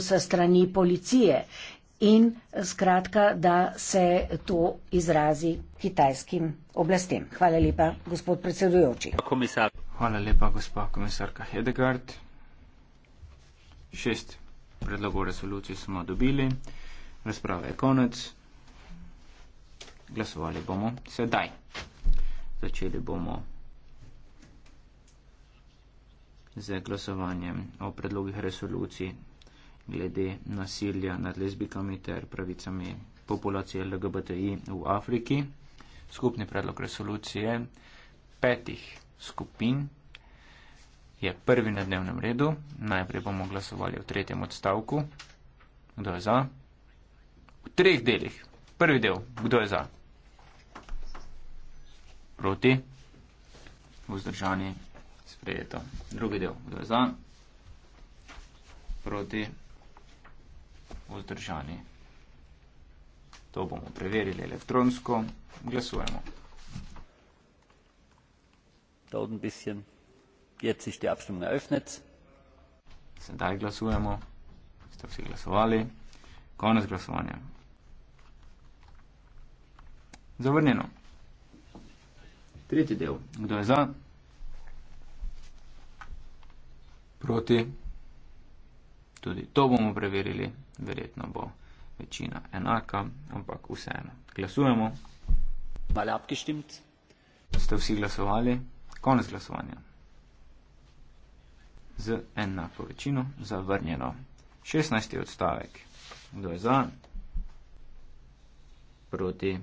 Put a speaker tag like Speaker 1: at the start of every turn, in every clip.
Speaker 1: se strani policije in skratka, da se to izrazi kitajskim oblastem. Hvala lepa, gospod predsedujoči.
Speaker 2: Komisar. Hvala lepa, gospa komisarka Hedegard. Šest predlogov resolucij smo dobili. Razprava je konec. Glasovali bomo sedaj. Začeli bomo z glasovanjem o predlogih resolucij glede nasilja nad lesbikami ter pravicami populacije LGBTI v Afriki. Skupni predlog resolucije petih skupin je prvi na dnevnem redu. Najprej bomo glasovali v tretjem odstavku. Kdo je za? V treh delih. Prvi del. Kdo je za? Proti. Vzdržani. Sprejeto. Drugi del. Kdo je za? Proti vzdržani. To bomo preverili elektronsko. Glasujemo. Sedaj glasujemo. Ste vsi glasovali. Konec glasovanja. Zavrnjeno. Tretji del. Kdo je za? Proti. Tudi to bomo preverili, verjetno bo večina enaka, ampak vseeno. Glasujemo. Ste vsi glasovali? Konec glasovanja. Z enako večino zavrnjeno. 16. odstavek. Kdo je za? Proti.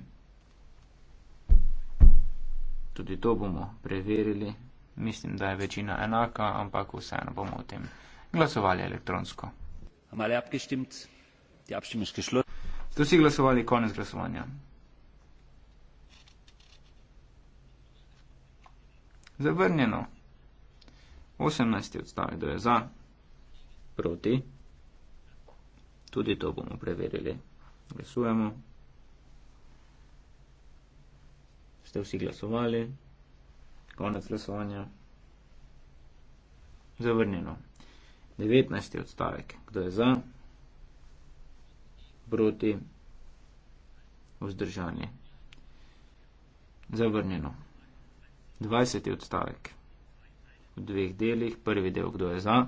Speaker 2: Tudi to bomo preverili. Mislim, da je večina enaka, ampak vseeno bomo o tem glasovali elektronsko. Ste vsi glasovali konec glasovanja? Zavrnjeno. 18. odstavek je za, proti. Tudi to bomo preverili. Glasujemo. Ste vsi glasovali? Konec glasovanja. Zavrnjeno. 19. odstavek. Kdo je za? Proti. Vzdržanje. Zavrnjeno. 20. odstavek. V dveh delih. Prvi del, kdo je za?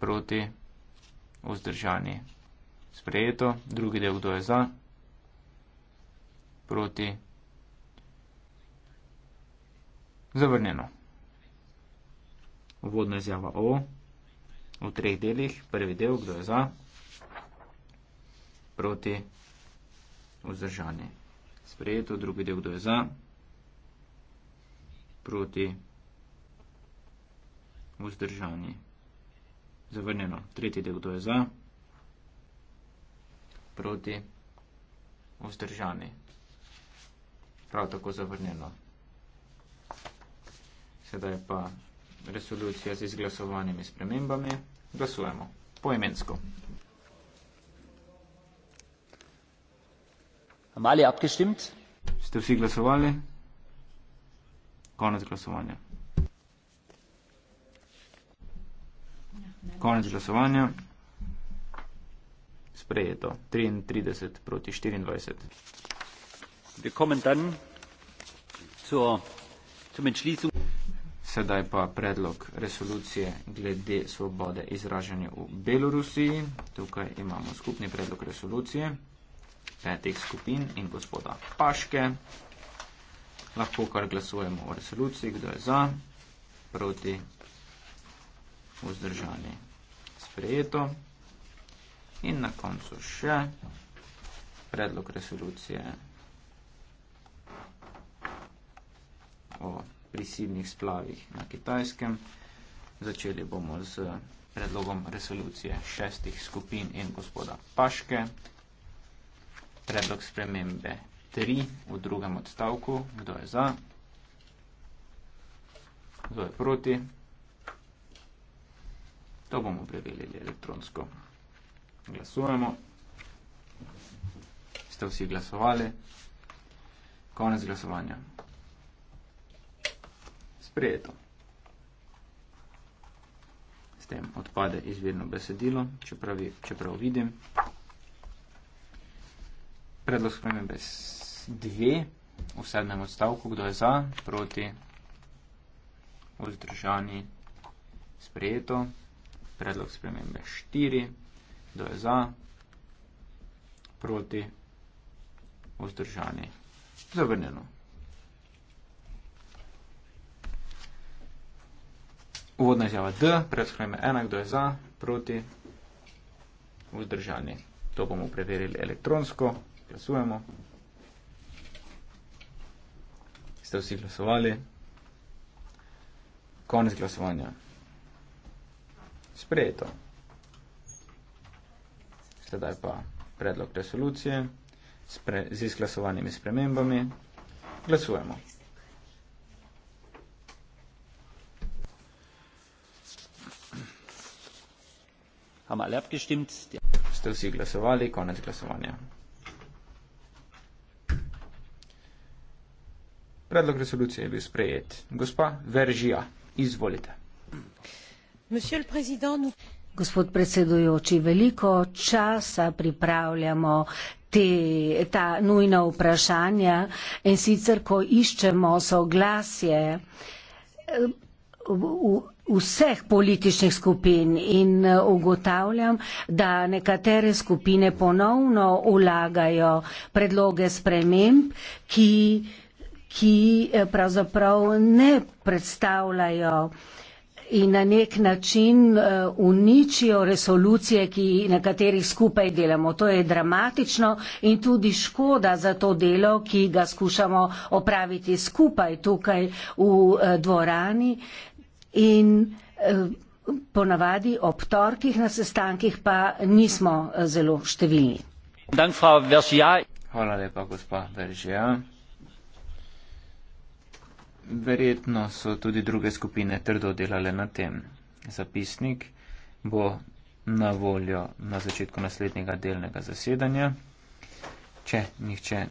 Speaker 2: Proti. Vzdržanje. Sprejeto. Drugi del, kdo je za? Proti. Zavrnjeno. Uvodna izjava o, v treh delih, prvi del, kdo je za, proti, vzdržanje. Sprejeto, drugi del, kdo je za, proti, vzdržanje. Zavrnjeno, tretji del, kdo je za, proti, vzdržanje. Prav tako zavrnjeno. Sedaj pa resolucijo z izglasovanimi spremembami, glasujemo poimensko. Mali abgestimt? Ste vsi glasovali? Konec glasovanja. Konec glasovanja. Sprejeto. 33 proti 24. Wir kommen dann zur, zum Entschließung sedaj pa predlog resolucije glede svobode izražanja v Belorusiji. Tukaj imamo skupni predlog resolucije petih skupin in gospoda Paške. Lahko kar glasujemo o resoluciji, kdo je za, proti, vzdržani, sprejeto. In na koncu še predlog resolucije o prisilnih splavih na kitajskem. Začeli bomo z predlogom resolucije šestih skupin in gospoda Paške. Predlog spremembe 3 v drugem odstavku. Kdo je za? Kdo je proti? To bomo preverili elektronsko. Glasujemo. Ste vsi glasovali? Konec glasovanja sprejeto. S tem odpade izvirno besedilo, čeprav, čeprav vidim. Predlog spremembe 2 v sedmem odstavku, kdo je za, proti, vzdržani, sprejeto. Predlog spremembe 4, kdo je za, proti, vzdržani, zavrnjeno. Uvodna izjava D, predskrajme ena, kdo je za, proti, vzdržani. To bomo preverili elektronsko. Glasujemo. Ste vsi glasovali? Konec glasovanja. Sprejeto. Sedaj pa predlog resolucije z izglasovanimi spremembami. Glasujemo. Ja. ste vsi glasovali, konec glasovanja. Predlog resolucije je bil sprejet. Gospa Veržija, izvolite.
Speaker 1: Gospod predsedujoči, veliko časa pripravljamo te, ta nujna vprašanja in sicer, ko iščemo soglasje, vseh političnih skupin in eh, ugotavljam, da nekatere skupine ponovno ulagajo predloge sprememb, ki, ki eh, pravzaprav ne predstavljajo in na nek način eh, uničijo resolucije, ki na katerih skupaj delamo. To je dramatično in tudi škoda za to delo, ki ga skušamo opraviti skupaj tukaj v dvorani in eh, ponavadi ob torkih na sestankih pa nismo eh, zelo številni.
Speaker 2: Hvala lepa, gospa Veržija. Verjetno so tudi druge skupine trdo delale na tem. Zapisnik bo na voljo na začetku naslednjega delnega zasedanja. Če nihče